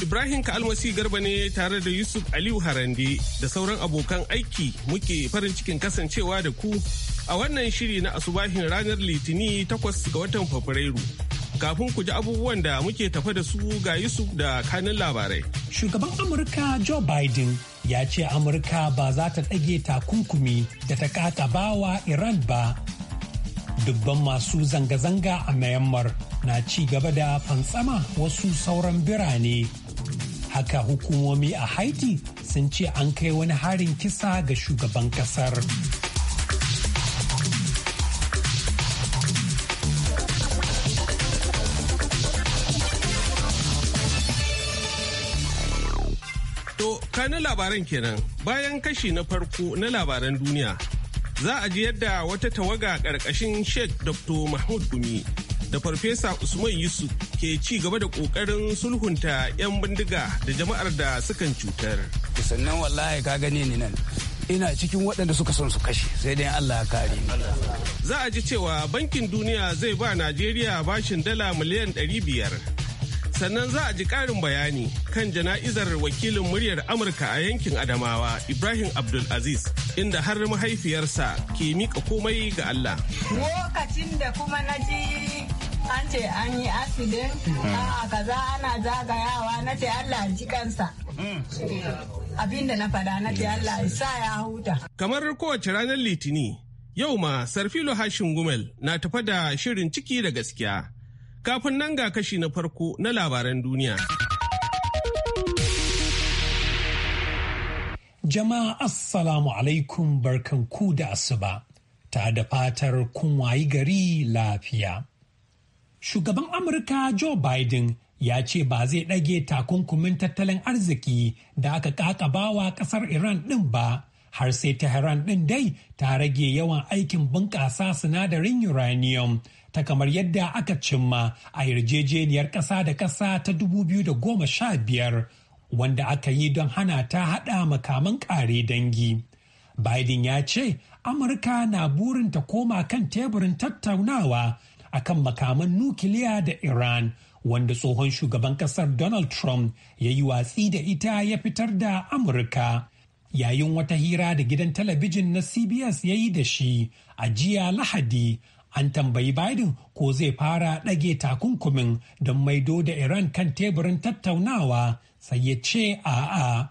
Ibrahim Ka'almasi Garba ne tare da Yusuf Aliyu Harande da sauran abokan aiki muke farin cikin kasancewa da ku a wannan shiri na asubahin ranar Litini takwas ga watan Fabrairu. Kafin ku ji abubuwan da muke tafa da su ga Yusuf da kanin labarai. Shugaban Amurka Joe Biden ya ce Amurka ba za ta ɗage takunkumi da ta kata bawa Iran ba. Dubban masu zanga-zanga a Myanmar na ci gaba da fantsama wasu sauran birane. haka hukumomi a haiti sun ce an kai wani harin kisa ga shugaban kasar na labaran kenan bayan kashi na farko na labaran duniya za a ji yadda wata tawaga ƙarƙashin sheikh dr mahmud gumi da farfesa usman yusuf ke ci gaba da kokarin sulhunta 'yan bindiga da jama'ar da sukan cutar. Sannan wallahi ka gane ni nan. ina cikin waɗanda suka son su kashe sai dai Allah ya kare za a ji cewa bankin duniya zai ba Najeriya bashin dala miliyan ɗari biyar, sannan za a ji ƙarin bayani kan jana'izar wakilin muryar Amurka a yankin Adamawa Ibrahim Abdul Aziz inda har mahaifiyarsa ke mika komai ga Allah lokacin da kuma na ji an ce an yi asidin hmm. a kaza ana zagayawa na ce Allah ji kansa hmm. abin da na fada na ce Allah sa ya huta kamar kowace ranar litini yau ma sarfilo hashin gumel na tafa da shirin ciki da gaskiya kafin nan ga kashi na farko na labaran duniya jama'a assalamu alaikum barkan ku da asuba ta da fatar kun wayi gari lafiya. Shugaban Amurka Joe Biden ya ce ba zai ɗage takunkumin tattalin arziki da aka ƙaƙabawa ƙasar Iran ɗin ba, har sai Tehran ɗin dai ta rage yawan aikin bunƙasa sinadarin uranium ta kamar yadda aka cimma a yarjejeniyar ƙasa da ƙasa ta 2015 wanda aka yi don hana ta haɗa makaman ƙare dangi. Biden ya ce Amurka na burin ta koma kan teburin tattaunawa akan makaman nukiliya da Iran wanda tsohon shugaban kasar Donald Trump ya yi watsi da ita ya fitar da Amurka. Yayin wata hira da gidan talabijin na CBS ya yi da shi a jiya Lahadi an tambayi Biden ko zai fara ɗage takunkumin don maido da Iran kan teburin tattaunawa sai ya ce a'a.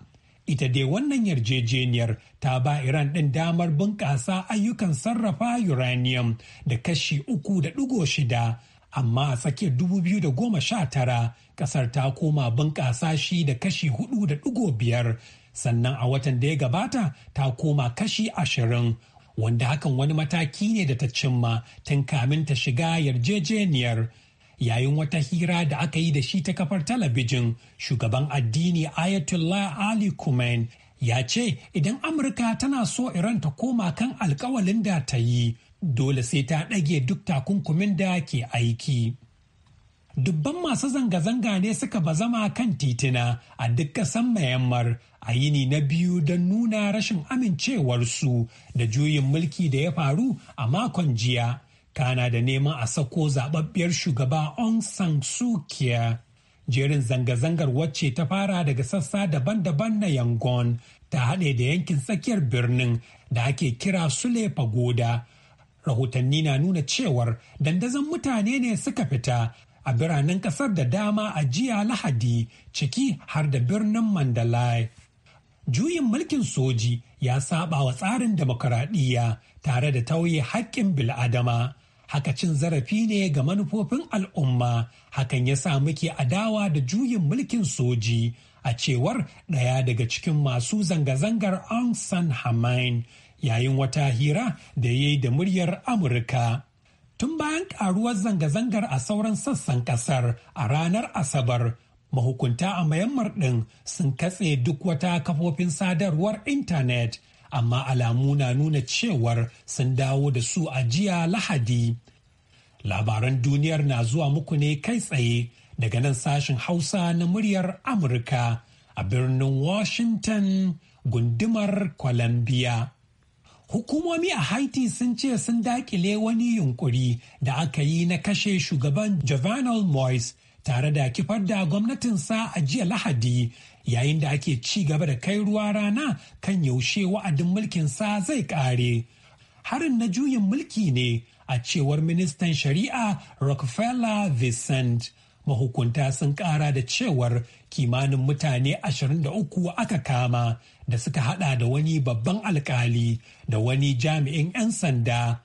ita dai wannan yarjejeniyar ta ba iran ɗin damar bunƙasa ayyukan sarrafa uranium da kashi uku da ɗigo shida amma a tsakiyar 2019 ƙasar ta koma bunƙasa shi da kashi hudu da ɗigo biyar sannan a watan da ya gabata ta koma kashi ashirin wanda hakan wani mataki ne da ta cimma tun kamin ta shiga yarjejeniyar yayin wata hira da aka yi da shi ta kafar talabijin shugaban addini ayatollah ali kumain ya ce idan amurka tana so iran ta koma kan alkawalin da ta yi dole sai ta ɗage duk takunkumin da ke aiki dubban masu zanga-zanga ne suka ba zama kan titina a duk ƙasan mayammar a yini na biyu don nuna rashin amincewarsu da juyin mulki da ya faru a makon jiya kana da neman a sako zababbiyar shugaba Aung San Suu Jerin zanga-zangar wacce ta fara daga sassa daban-daban na Yangon ta haɗe da yankin tsakiyar birnin da ake kira Sule goda? Rahotanni na nuna cewar dandazon mutane ne suka fita a biranen ƙasar da dama a jiya Lahadi ciki har da birnin Mandalay. Juyin mulkin soji ya saba wa tsarin demokaradiyya tare da tauye haƙƙin bil'adama. haka cin zarafi ne ga manufofin al'umma hakan ya sa muke adawa da juyin mulkin soji a cewar ɗaya daga cikin masu zanga-zangar Aung San Hamain yayin wata hira da ya yi da muryar Amurka. Tun bayan ƙaruwar zanga-zangar a sauran sassan ƙasar a ranar Asabar, mahukunta a mayammar ɗin sun katse duk wata kafofin sadarwar intanet amma alamu na nuna cewar sun dawo da su a jiya lahadi labaran duniyar na zuwa muku ne kai tsaye daga nan sashen hausa na muryar amurka a birnin washington gundumar columbia hukumomi a haiti sun ce sun dakile wani yunkuri da aka yi na kashe shugaban Jovenel moise tare da kifar da gwamnatinsa a jiya lahadi yayin da ake ci gaba da kai ruwa rana kan yaushe wa'adin mulkin sa zai kare. Harin na juyin mulki ne a cewar ministan shari'a Rockefeller Vincent. Mahukunta sun kara da cewar kimanin mutane 23 aka kama da suka hada da wani babban alkali da wani jami'in 'yan sanda.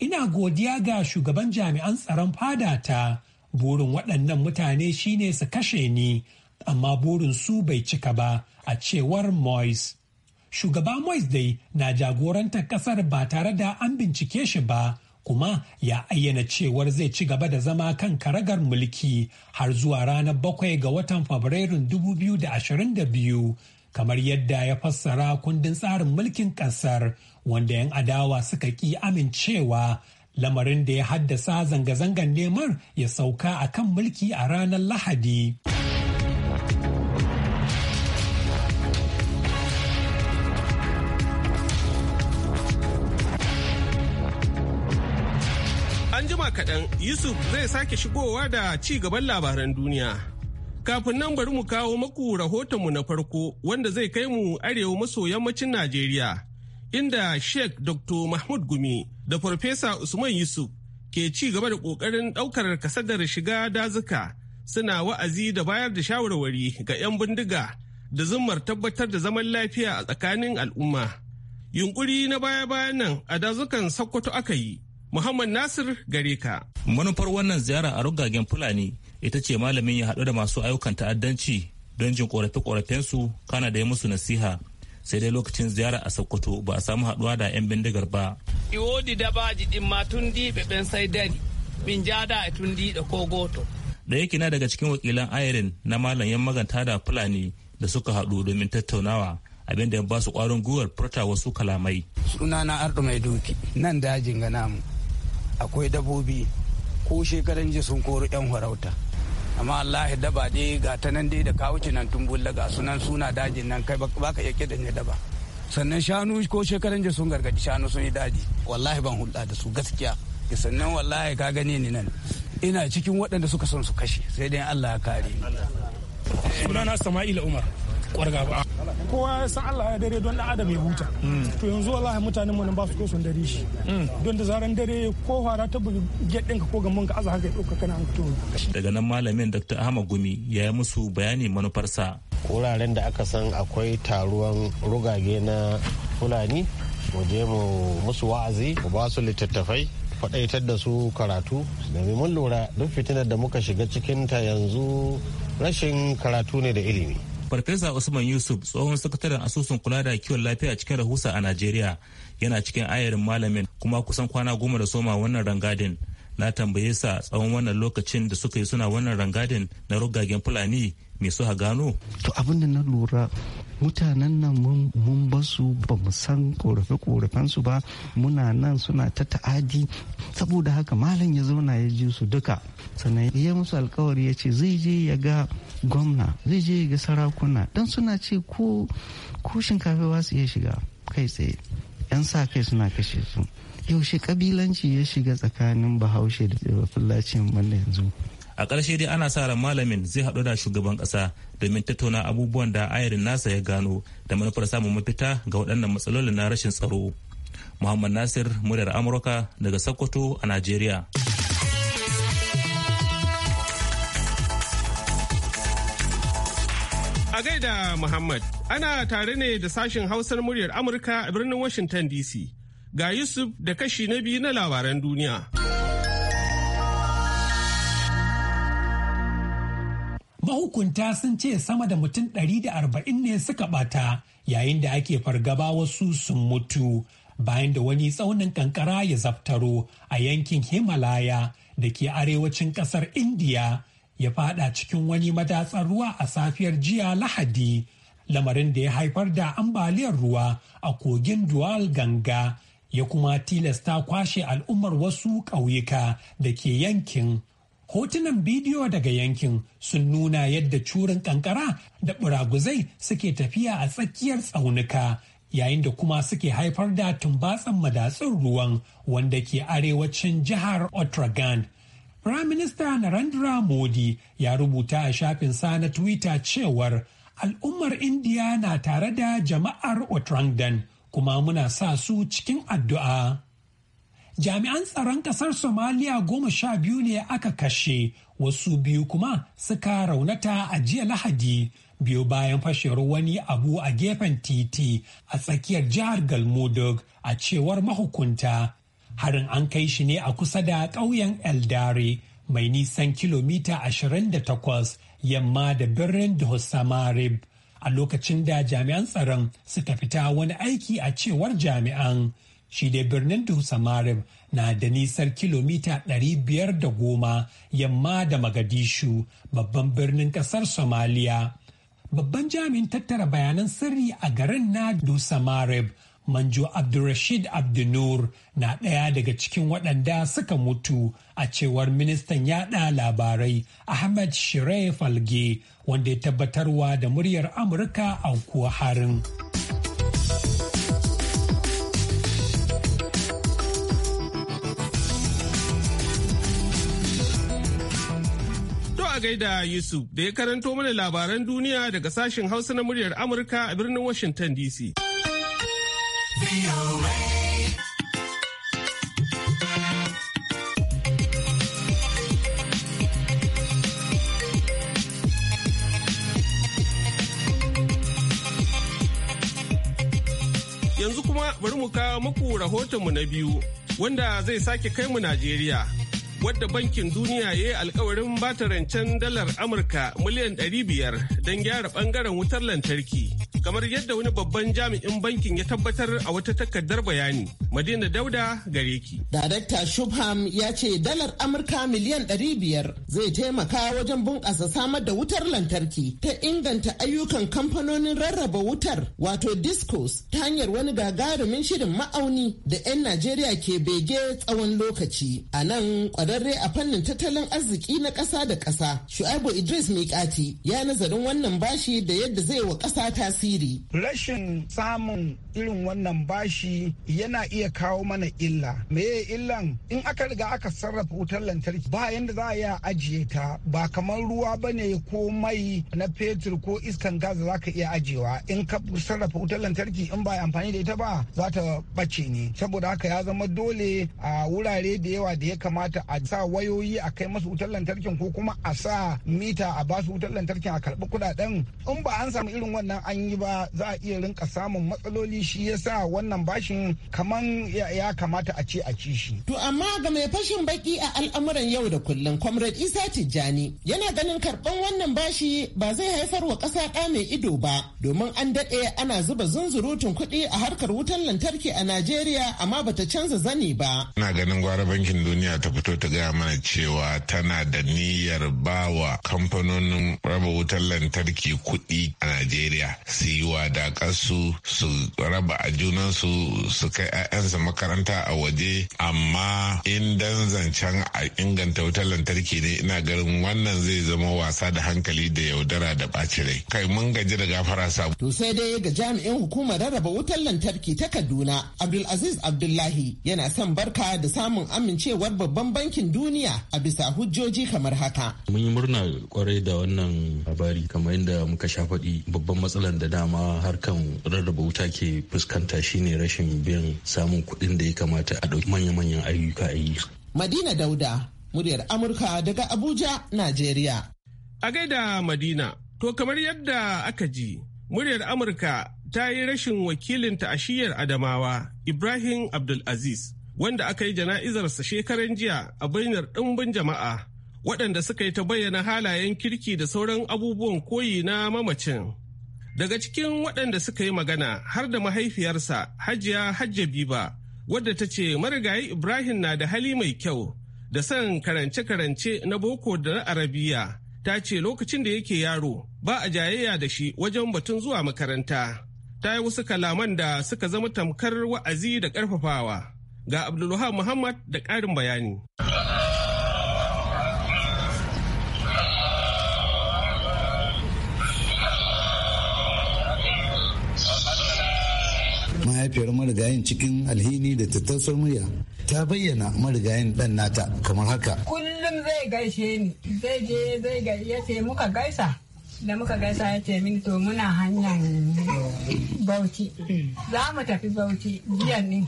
Ina godiya ga shugaban jami'an tsaron fada ta. burin waɗannan mutane shine su kashe ni amma burin su bai cika ba a cewar Moyes. Shugaba Moyes dai na jagorantar kasar ba tare da an bincike shi ba kuma ya ayyana cewar zai ci gaba da zama kan karagar mulki har zuwa ranar bakwai ga watan Fabrairun 2022 kamar yadda ya fassara kundin tsarin mulkin kasar wanda 'yan adawa suka ki amincewa lamarin da ya haddasa zanga-zangar neman ya sauka a kan mulki a ranar Lahadi. kaɗan Yusuf zai sake shigowa da ci gaban labaran duniya. Kafin nan bari mu kawo maku rahotonmu na farko wanda zai kai mu arewa maso yammacin Najeriya. Inda Sheikh Dr. Mahmud Gumi da Farfesa Usman Yusuf ke ci gaba da ƙoƙarin ɗaukar kasadar shiga dazuka suna wa'azi da bayar da shawarwari ga 'yan bindiga da zummar tabbatar da zaman lafiya a tsakanin al'umma. Yunkuri na baya-bayan nan a dazukan Sokoto aka yi. Muhammad Nasir gare ka. Manufar wannan ziyara a rugagen Fulani ita ce malamin ya haɗu da masu ayyukan ta'addanci don jin korafe-korafensu kana da ya musu nasiha. sai dai lokacin ziyara a Sokoto ba a samu haɗuwa da 'yan bindigar ba. Iwodi da baji ɗin ma tun di ɓen sai dari, ja jada a e tun diɗe ko goto. Da yake na daga cikin wakilan ayarin na malam yan maganta da Fulani da suka haɗu domin tattaunawa. abin da ya ba su kwarin gwiwar furta wasu kalamai. suna na ardu Mai Duki nan dajin ga namu akwai dabobi ko shekaran ji sun koro 'yan farauta amma Allah daba dai ga ta nan dai da kawo nan tun bulla ga sunan suna dajin nan kai baka iya kidan ya daba sannan shanu ko shekaran ji sun gargadi shanu sun yi daji wallahi ban hulɗa da su gaskiya sannan wallahi ka gani ni nan ina cikin waɗanda suka son su kashe sai dai Allah ya kare ni sunana Sama'ila Umar kwarga ba kowa ya san Allah ya dare don da adam ya huta hmm. to yanzu wallahi mutanen mu nan ba su ko son dare shi hmm. don da zaran dare ko fara ta bugi gedin ka ko gamon ka aza haka ya kana to daga nan malamin Dr. Ahmad Gumi ya yi musu bayani manufarsa wuraren da aka san akwai taruwan rugage na Fulani mu je mu musu wa'azi mu ba su littattafai faɗaitar da su karatu da mun lura duk fitinar da muka shiga cikinta yanzu rashin karatu ne da ilimi Farfesa Usman Yusuf tsohon sakataren asusun kula da kiwon lafiya cikin rahusa a Najeriya yana cikin ayarin malamin kuma kusan kwana goma da soma wannan rangadin. Na tambaye sa tsawon wannan lokacin da suka yi suna wannan rangadin na rugagen Fulani me suka gano to abinda na lura mutanen nan mun basu ba mu san korafe su ba muna nan suna ta ta'adi saboda haka malam ya zauna ya ji su duka sannan ya musu alkawari ya ce zai je ya ga gwamna zai je ya ga sarakuna don suna ce ko ko shinkafa su iya shiga kai tsaye yan sa kai suna kashe su yaushe kabilanci ya shiga tsakanin bahaushe da fulacin wanda yanzu a ƙarshe dai ana sa ran malamin zai haɗu da shugaban ƙasa domin tattauna abubuwan da ayarin nasa ya gano da manufar samun mafita ga waɗannan matsalolin na rashin tsaro muhammad nasir muryar amurka daga sokoto a najeriya a gaida muhammad ana tare ne da sashen hausar muryar amurka a birnin washington dc ga yusuf da kashi na biyu na labaran duniya. mahukunta sun ce sama da mutum ɗari da arba'in ne suka ɓata yayin da ake fargaba wasu sun mutu bayan da wani tsaunin kankara ya zaftaro a yankin himalaya da ke arewacin ƙasar indiya ya fada cikin wani madatsar ruwa a safiyar jiya lahadi lamarin da ya haifar da ambaliyar ruwa a kogin dual ganga ya kuma tilasta kwashe al'ummar wasu ƙauyuka da ke yankin hotunan bidiyo daga yankin sun nuna yadda curin kankara da buraguzai suke tafiya a tsakiyar tsaunuka yayin da kuma suke haifar da tumbatsan madatsun ruwan wanda ke arewacin jihar Otragan. Prime Minister Narendra Modi ya rubuta a shafin sa na Twitter cewar al'ummar Indiya na tare da jama'ar Otrangan kuma muna sa su cikin addu'a. jami'an tsaron kasar somaliya goma sha biyu ne aka kashe wasu biyu kuma suka raunata a jiya lahadi biyu bayan fashewar wani abu a gefen titi a tsakiyar jihar galmudug a cewar mahukunta harin an kai shi ne a kusa da ƙauyen eldare mai nisan kilomita 28 yamma da birnin Samarib a lokacin da jami'an tsaron suka fita wani aiki a cewar jami'an Shi dai birnin Dusamarib na da nisar kilomita ɗari biyar da goma yamma da Magadishu babban birnin kasar Somaliya. Babban jami'in tattara bayanan sirri a garin na Dusamarib Manjo Abdulrashid Abdunur na ɗaya daga cikin waɗanda suka mutu a cewar ministan yaɗa labarai Ahmed Shirai Falge wanda ya tabbatarwa da muryar Amurka a harin. gaida Yusuf da ya karanto mana labaran duniya daga sashen Hausa na muryar Amurka a birnin Washington DC. Yanzu kuma bari mu kawo muku rahotonmu na biyu wanda zai sake kai mu Najeriya. wadda bankin duniya ya yi alkawarin bata rancen dalar amurka miliyan 500 don gyara bangaren wutar lantarki kamar yadda wani babban jami'in bankin ya tabbatar a wata takardar bayani. Madina Dauda gare ki. Darakta Shubham ya ce dalar Amurka miliyan 500 zai taimaka wajen bunƙasa samar da wutar lantarki ta inganta ayyukan kamfanonin rarraba wutar wato discos ta hanyar wani gagarumin shirin ma'auni da 'yan Najeriya ke bege tsawon lokaci. A nan kwararre a fannin tattalin arziki na ƙasa da ƙasa, Shu'aibu Idris Mikati ya nazarin wannan bashi da yadda zai wa ƙasa tasiri. tasiri rashin samun irin wannan bashi yana iya kawo mana illa meye illan in aka riga aka sarrafa wutar lantarki ba yadda za a yi ajiye ta ba kamar ruwa ba ne ko mai na fetur ko iskan gas za ka iya ajiyewa in ka sarrafa wutar lantarki in ba amfani da ita ba za ta bace ne saboda haka ya zama dole a wurare da yawa da ya kamata a sa wayoyi a kai masu wutar lantarkin ko kuma a sa mita a basu wutar lantarkin a karɓi kuɗaɗen in ba an samu irin wannan an yi ba za a iya rinka samun matsaloli shi yasa wannan bashin kaman ya kamata a ce a ci shi. To amma ga mai fashin baki a al'amuran yau da kullum Comrade Isa Tijjani yana ganin karɓan wannan bashi ba zai haifar wa ƙasa ɗa mai ido ba domin an daɗe ana zuba zunzurutun kuɗi a harkar wutan lantarki a Najeriya amma bata canza zani ba. Ina ganin gwara bankin duniya ta fito ta gaya mana cewa tana da niyyar bawa kamfanonin raba wutar lantarki kuɗi a Najeriya. yi wa su su raba a junansu su kai 'ya'yansu makaranta a waje amma in dan zancen a inganta wutar lantarki ne ina ganin wannan zai zama wasa da hankali da yaudara da ɓaci rai kai mun gaji da gafara sabu. to sai dai ga jami'in hukumar rarraba wutar lantarki ta kaduna abdulaziz abdullahi yana son barka da samun amincewar babban bankin duniya a bisa hujjoji kamar haka. mun yi murna kwarai da wannan labari kamar yadda muka sha faɗi babban matsalar da dama harkan rarraba wuta ke fuskanta shine rashin biyan samun kuɗin da ya kamata a ɗauki manya-manyan ayyuka a yi. Madina Dauda, muryar Amurka daga Abuja, Najeriya. A gaida Madina, to kamar yadda aka ji, muryar Amurka ta yi rashin wakilinta a shiyar Adamawa, Ibrahim Abdulaziz, wanda aka yi jana'izarsa shekaran jiya a bainar ɗumbin jama'a, waɗanda suka yi ta bayyana halayen kirki da sauran abubuwan koyi na mamacin. Daga cikin waɗanda suka yi magana har da mahaifiyarsa Hajiya Hajjabiba wadda ta ce marigayi Ibrahim na da hali mai kyau da son karance-karance na boko da na arabiya ta ce lokacin da yake yaro ba a jayayya da shi wajen batun zuwa makaranta. Ta yi wasu kalaman da suka zama tamkar wa'azi da ƙarfafawa. Ga Abdulluha Muhammad da ƙarin bayani. mahaifiyar marigayin cikin alhini da tattausar murya ta bayyana marigayin dan nata kamar haka kullum zai gaishe ni zai je zai ya ce muka gaisa da muka gaisa ya ce mini to muna hanyar bauchi za mu tafi bauchi jiya ne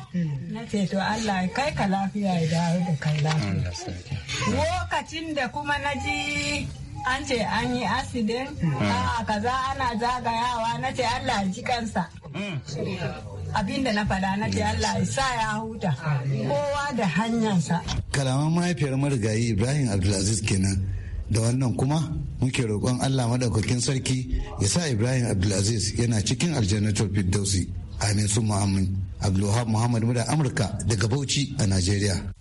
na ce to Allah kai ka lafiya ya dawo da kai lafiya lokacin da kuma na ji an ce an yi asidin hmm. a kaza ana zagayawa na ce Allah ji kansa hmm. abinda na fada na ji Allah ya sa ya huta kowa da hanyarsa. Kalaman mahaifiyar marigayi Ibrahim Abdulaziz kenan da wannan kuma muke roƙon Allah madaukakin sarki ya sa Ibrahim Abdulaziz yana cikin aljannatul Firdausi. Amin su Muhammad Abdulwahab Muhammad muda Amurka daga Bauchi a Najeriya.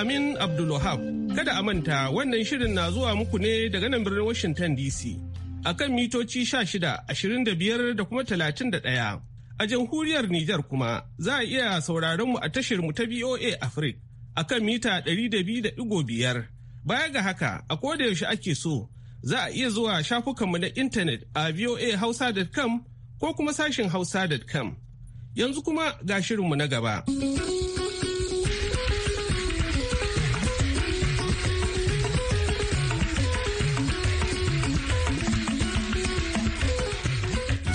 Amin Abdulwahab. Kada a manta wannan shirin na zuwa muku ne daga nan birnin Washington DC. A kan mitoci 16, 25 da biyar kuma 31. A jamhuriyar Nijar kuma za a iya sauraron mu a tashar mu ta BOA Africa a kan mita 200.5. Baya ga haka, a koda yaushe ake so, za a iya zuwa shafukanmu na intanet a hausa voahausa.com ko kuma sashin hausa hausa.com. Yanzu kuma ga shirinmu na gaba.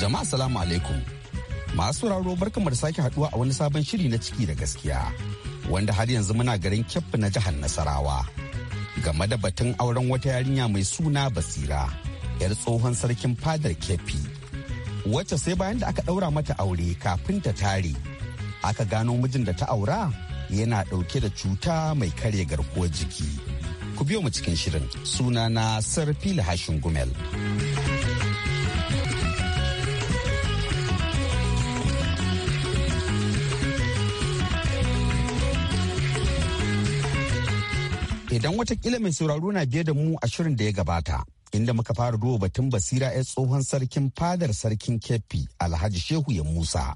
Jama'a salamu alaikum. Masu raro barkamar sake haduwa a wani sabon shiri na ciki da gaskiya wanda har yanzu muna garin kyafi na jihar Nasarawa. Game da batun auren wata yarinya mai suna Basira, 'yar tsohon sarkin fadar keffi. Wacce sai bayan da aka daura mata aure kafin ta tare, aka gano mijin da ta aura yana dauke da cuta mai karya garkuwar jiki. Ku biyo mu cikin shirin sunana Sarfila Hashin Gumel. Idan watakila mai sauraro na biye da mu a shirin da ya gabata, inda muka fara duba batun basira ya tsohon sarkin fadar sarkin kefi Alhaji Shehu ya Musa.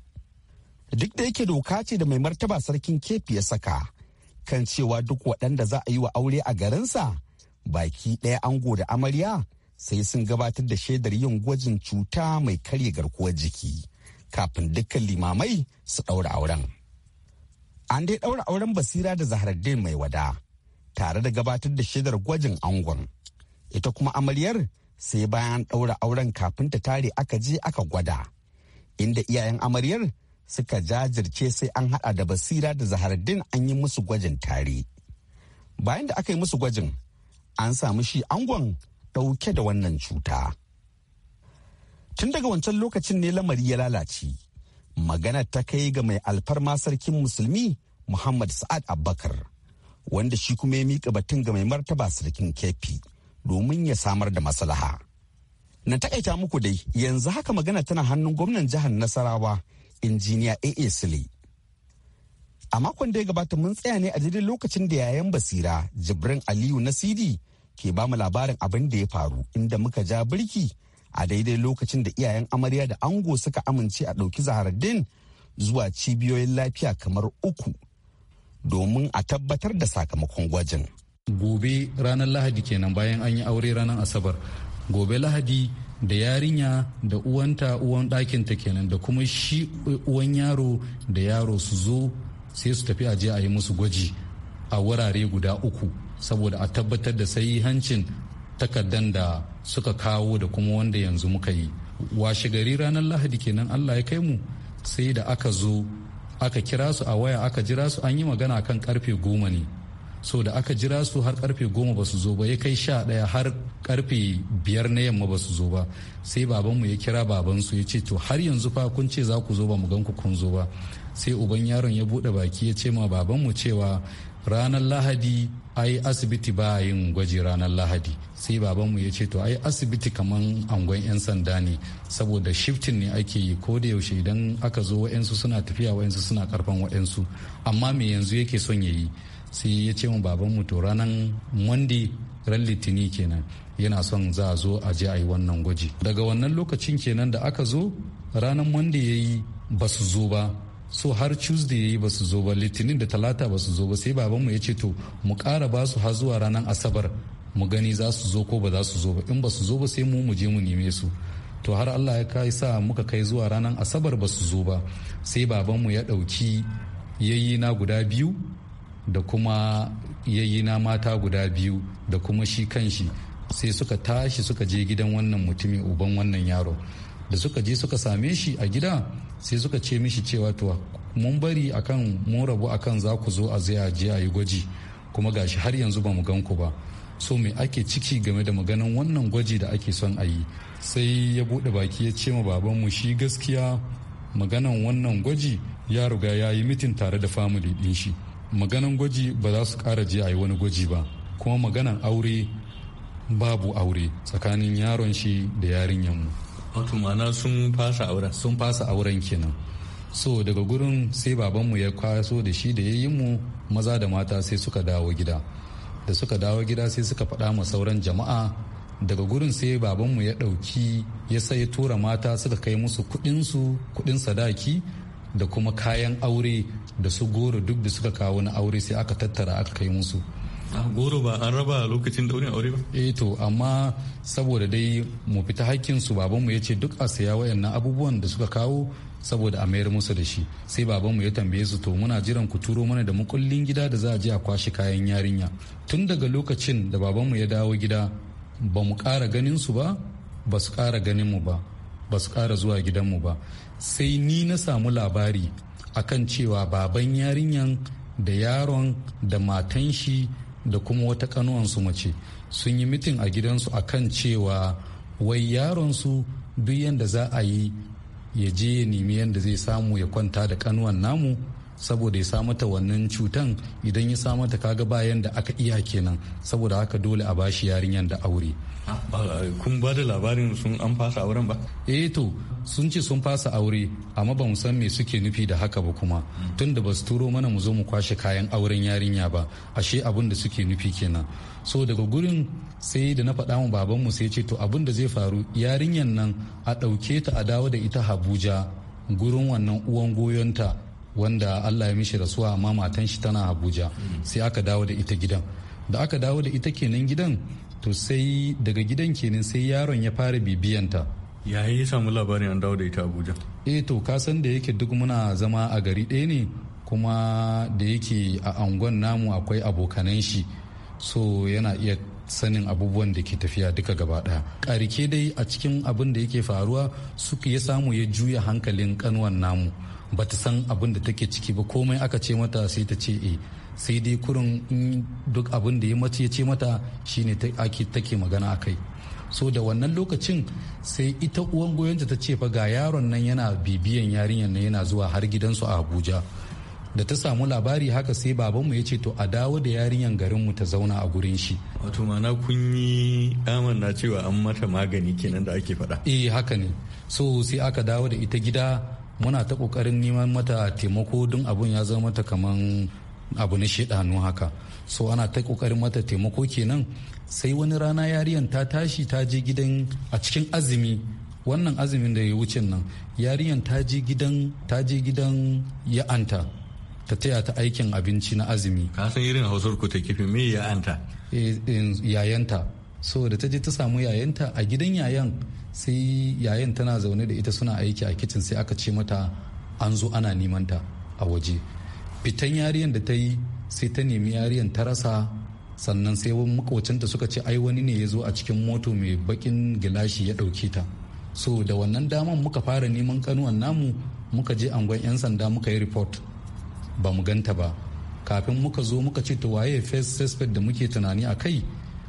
Duk da yake doka ce da mai martaba sarkin kefi ya saka, kan cewa duk waɗanda za a yi wa aure a garinsa baki ɗaya ango da amarya sai sun gabatar da shaidar yin gwajin cuta mai karya garkuwar jiki kafin dukkan limamai su ɗaura auren. An dai ɗaura auren basira da zaharaddin mai wada tare da gabatar da shaidar gwajin angon ita kuma amaryar sai bayan ɗaura auren kafin ta tare aka je aka gwada inda iyayen amaryar suka jajirce sai an hada da basira da zahardin an yi musu gwajin tare bayan da aka yi musu gwajin an samu shi angon ɗauke da wannan cuta tun daga wancan lokacin ne lamari ya lalace magana ta kai ga mai alfarma sarkin musulmi muhammad sa'ad abubakar wanda shi kuma ya mika batun ga mai martaba sarkin kefi domin ya samar da maslaha. Na takaita muku dai yanzu haka magana tana hannun gwamnan jihar Nasarawa injiniya AA Sule. A makon da ya gabata mun tsaya ne a daidai lokacin da yayan basira Jibrin Aliyu na CD ke ba mu labarin abin da ya faru inda muka ja birki a daidai lokacin da iyayen amarya da ango suka amince a ɗauki zaharaddin zuwa cibiyoyin lafiya kamar uku domin a tabbatar da sakamakon gwajin. Gobe ranar Lahadi kenan bayan an yi aure ranar Asabar. Gobe Lahadi da yarinya da uwanta uwan ɗakinta kenan da kuma shi uwan yaro da yaro su zo sai su tafi aje a yi musu gwaji a wurare guda uku saboda a tabbatar da sai hancin takardan da suka kawo da kuma wanda yanzu muka yi washe gari ranar lahadi kenan allah ya kai mu sai da aka zo aka kira su a waya aka jira su an yi magana kan karfe goma ne so da aka jira su har karfe goma ba su zo ba ya kai sha daya har karfe biyar na yamma ba su zo ba sai babanmu ya kira babansu ya ce to har yanzu fa kun ce za ku zo ba mu gan ku kun zo ba sai uban yaron ya bude baki ya ce ma babanmu cewa ranar lahadi a yi asibiti ba yin gwaji ranar lahadi sai babanmu ya ce to ai asibiti kaman angon 'yan sanda ne saboda shiftin ne ake yi ko da yaushe idan aka zo wa'yansu suna tafiya wa'yansu suna karfan wa'yansu amma me yanzu yake son ya yi sai ya ce mu babanmu to ranar monday ran litini kenan yana son za a zo a je a yi wannan gwaji daga wannan lokacin kenan da aka zo ranar monday ya yi ba su zo ba so har tuesday yi ba su zo ba litinin da talata ba su zo ba sai babanmu ya ce to mu kara ba su har zuwa ranar asabar mu gani za su zo ko ba za su zo ba in ba su zo ba sai mu mu je mu neme su to har allah ya kai sa muka kai zuwa ranar asabar ba su zo ba sai babanmu ya ɗauki yayi na guda biyu da kuma yayi na mata guda biyu da kuma shi kanshi sai suka tashi suka je gidan wannan mutumin uban wannan yaro da suka je suka same shi a gida sai suka ce mishi cewa to mun bari akan mun rabu akan za ku zo a zai je a yi gwaji kuma gashi har yanzu ba mu gan ku ba so me ake ciki game da maganan wannan gwaji da ake son a yi sai ya bude baki ya ce ma baban mu shi gaskiya maganan wannan gwaji ya riga ya yi mitin tare da famili din shi maganan gwaji ba za su kara je a yi wani gwaji ba kuma maganan aure babu aure tsakanin yaron shi da yarinyan mu wato ma'ana sun fasa auren sun fasa auren kenan so daga gurin sai babanmu ya kwaso da shi da yayin mu maza da mata sai suka dawo gida da suka dawo gida sai suka faɗa ma sauran jama'a daga gurin sai babanmu ya ɗauki ya sai tura mata suka kai musu kuɗinsu kuɗin sadaki da kuma kayan aure da su goro duk da suka kawo na aure sai aka tattara aka kai musu Ah, goro ba an raba lokacin wani aure ba eh to amma saboda dai mu fita hakkin su babanmu ya ce duk a saya wayannan abubuwan da suka kawo saboda a mayar musu da shi sai babanmu ya tambaye su to muna jiran ku turo mana da mukullin gida da za a je a kwashi kayan yarinya tun daga lokacin da babanmu ya dawo gida ba mu ƙara ganin su ba ba su ƙara ganin mu ba ba su ƙara zuwa gidanmu ba sai ni na samu labari akan cewa baban yarinyan da yaron da matan shi da kuma wata kanuwansu mace sun yi mitin a gidansu a kan cewa wai yaronsu duk yadda za a yi ya je ya nemi yadda zai samu ya kwanta da kanuwan namu saboda ya samu ta wannan cutan idan ya samu ta kaga bayan da aka iya kenan saboda haka dole a bashi yarinyar da aure ah, kun ba da labarin sun an fasa auren ba eh to sun ce sun fasa aure amma ba san me suke nufi da haka ba kuma tunda ba su turo mana mu zo mu kwashe kayan auren yarinya ba ashe abin da suke nufi kenan so daga gurin sai da na faɗa mu babanmu sai ce to abin da zai faru yarinyar nan a ɗauke ta a dawo da ita habuja gurin wannan uwan goyonta wanda allah ya mishi rasuwa amma matan shi tana abuja sai aka dawo da ita gidan da aka dawo da ita kenan gidan to sai daga gidan kenan sai yaron ya fara bibiyanta ya yi samu labarin an dawo da ita abuja eh to ka san da yake duk muna zama a gari ɗaya ne kuma da yake a angon namu akwai abokanan shi so yana iya sanin abubuwan da ke tafiya duka gaba daya ƙarike dai a cikin abin da yake faruwa suka ya samu ya juya hankalin kanuwan namu ba ta san abin da take ciki ba komai aka ce mata sai ta ce e sai dai kurin duk abin da ya mace ya ce mata shine ake take magana a kai so da wannan lokacin sai ita uwan goyonta ta ce fa ga yaron nan yana bibiyan yarinyar na yana zuwa har gidansu a abuja da ta samu labari haka sai babanmu ya ce to a dawo da yarinyar garinmu ta zauna a gurin shi wato mana kun yi na cewa an mata magani kenan da ake faɗa eh haka ne so sai aka dawo da ita gida muna ta kokarin neman mata taimako don abun ya zama mata kaman abu na shedanu haka so ana ta kokarin mata taimako kenan sai wani rana yariyan ta tashi ta je gidan a cikin azumi wannan azumin da ya wuce nan yariyan ta je gidan ta je gidan ya'anta ta taya ta aikin abinci na azumi ka san irin hausar ku ta kifi me ya'anta eh, eh, yayanta so da ta je ta samu yayanta a gidan yayan sai yayin tana zaune da ita suna aiki a kicin sai aka ce mata an zo ana neman ta a waje fitan yariyan da ta yi sai ta nemi yariyan ta rasa sannan sai makwacinta suka ce ai wani ne ya zo a cikin moto mai bakin gilashi ya ɗauke ta so da wannan daman muka fara neman kanuwan namu muka je angon 'yan sanda muka yi report ba mu ganta ba kafin muka zo muka ce to waye first suspect da muke tunani a kai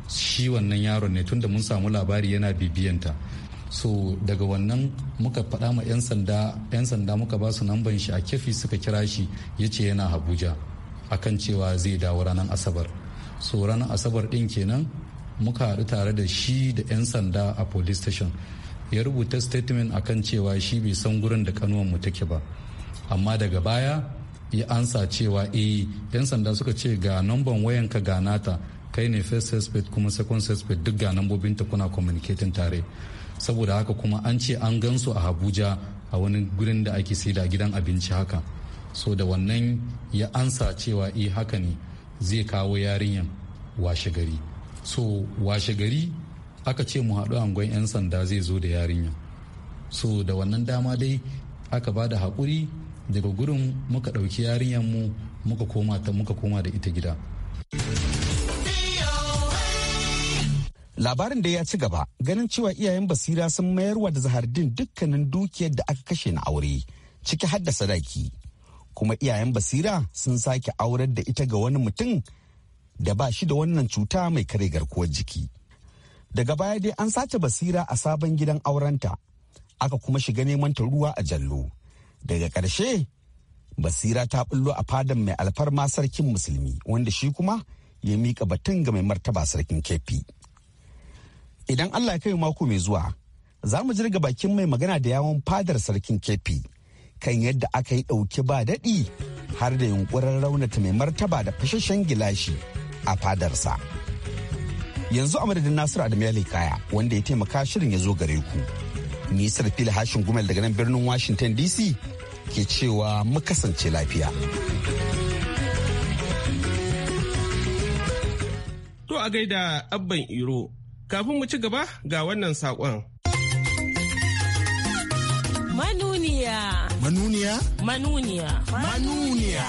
shi wannan yaron ne tunda mun samu labari yana bibiyanta so daga wannan muka faɗa ma 'yan sanda 'yan sanda muka ba su namban shi a kefi suka kira shi ya ce yana abuja akan cewa zai dawo ranar asabar so ranar asabar ɗin kenan muka haɗu tare da shi da 'yan sanda a police station ya rubuta statement akan cewa shi bai san gurin da kanuwan mu take ba amma daga baya ya ansa cewa eh 'yan sanda suka ce ga namban wayanka ga nata kai ne first suspect kuma second suspect duk ga nambobin ta kuna communicating tare saboda haka kuma an ce an gan su a abuja a wani gurin da ake sai da gidan abinci haka so da wannan ya ansa cewa eh haka ne zai kawo yarinyan washe gari so washe gari aka ce mu haɗu angon 'yan sanda zai zo da yarinya so da wannan dama dai aka ba da haƙuri daga gurin muka ɗauki yarinyar mu muka koma da ita gida labarin da ya ci gaba ganin cewa iyayen basira sun mayar wa da zahardin dukkanin dukiyar da aka kashe na aure ciki har da sadaki kuma iyayen basira sun sake aurar da ita ga wani mutum da ba shi da wannan cuta mai kare garkuwar jiki daga baya dai an sace basira a sabon gidan aurenta aka kuma shiga neman ta ruwa a jallo daga ƙarshe basira ta bullo a fadan mai alfarma sarkin musulmi wanda shi kuma ya miƙa batun ga mai martaba sarkin kefi idan allah ya kai mako mai zuwa za mu jirga bakin mai magana da yawon fadar sarkin kefi kan yadda aka yi ɗauki ba daɗi har da yunkurin raunata mai martaba da fashashen gilashi a fadarsa yanzu a madadin nasiru adamu kaya wanda ya taimaka shirin ya zo gare ku ni sarfil hashin gumel daga nan birnin washington dc ke cewa mu kasance lafiya to a gaida abban iro Kafin mu ci gaba ga wannan saƙon. Manuniya. Manuniya? Manuniya. Manuniya.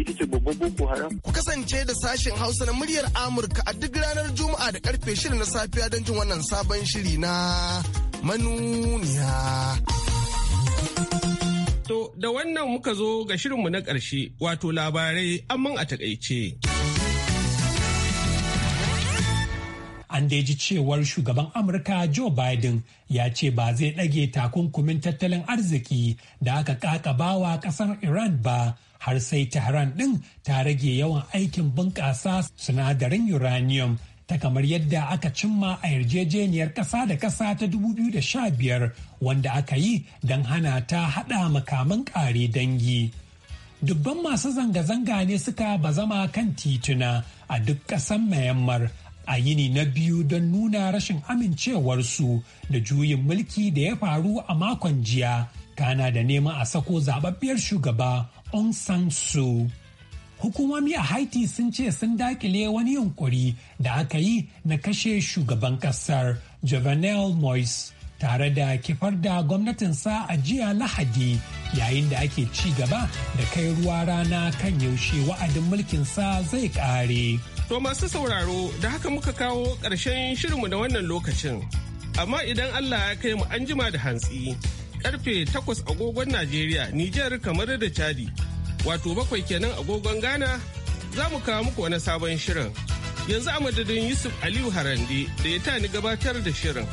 ita ce babban boko haram. Ku kasance da sashen Hausa na muryar Amurka a duk ranar Juma'a da karfe shirin na safiya don jin wannan sabon shiri na manuniya. To da wannan muka zo ga shirinmu na ƙarshe wato labarai amman a takaice. an da ji cewar shugaban amurka joe biden ya ce ba zai ɗage takunkumin tattalin arziki da aka ƙaƙabawa ƙasar iran ba har sai Tehran ɗin ta rage yawan aikin bunƙasa sinadarin uranium ta kamar yadda aka cimma a yarjejeniyar ƙasa da ƙasa ta 2015 wanda aka yi don hana ta haɗa makaman ƙare dangi. Dubban masu zanga-zanga ne suka bazama kan tituna a duk ƙasan Myanmar a yini na biyu don nuna rashin amincewarsu da juyin mulki da ya faru a makon jiya. Kana da neman a sako zababbiyar shugaba Aung San Suu. Hukumomi a Haiti sun ce sun dakile wani yunkuri da aka yi na kashe shugaban kasar Jovenel Moise tare da kifar da gwamnatinsa a jiya Lahadi yayin da ake ci gaba da kai ruwa rana kan yaushe wa'adin mulkinsa zai kare. To masu sauraro da haka muka kawo ƙarshen shirinmu da wannan lokacin. Amma idan Allah ya kai mu an jima da hantsi. karfe 8 agogon Najeriya, Nijar kamar da Chadi. Wato bakwai kenan agogon Ghana za mu kawo muku wani sabon shirin. Yanzu a madadin Yusuf Aliyu Harande da ya tani gabatar da shirin.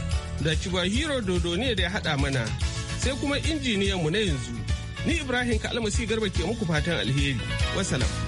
Da hero Dodo ne da ya haɗa mana. Sai kuma injiniyanmu na yanzu. Ni Ibrahim Kalmasi Garba ke muku fatan alheri. Wasalam.